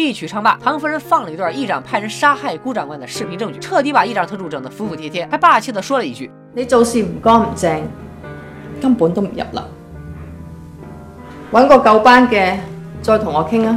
一曲唱罷，唐夫人放了一段議長派人殺害辜長官的視頻證據，徹底把議長特助整得服服帖帖，還霸氣的說了一句：“你做事唔乾唔淨，根本都唔入流，揾個舊班嘅再同我傾啊。”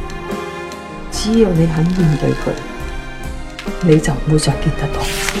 只要你肯面對佢，你就唔會再記得痛。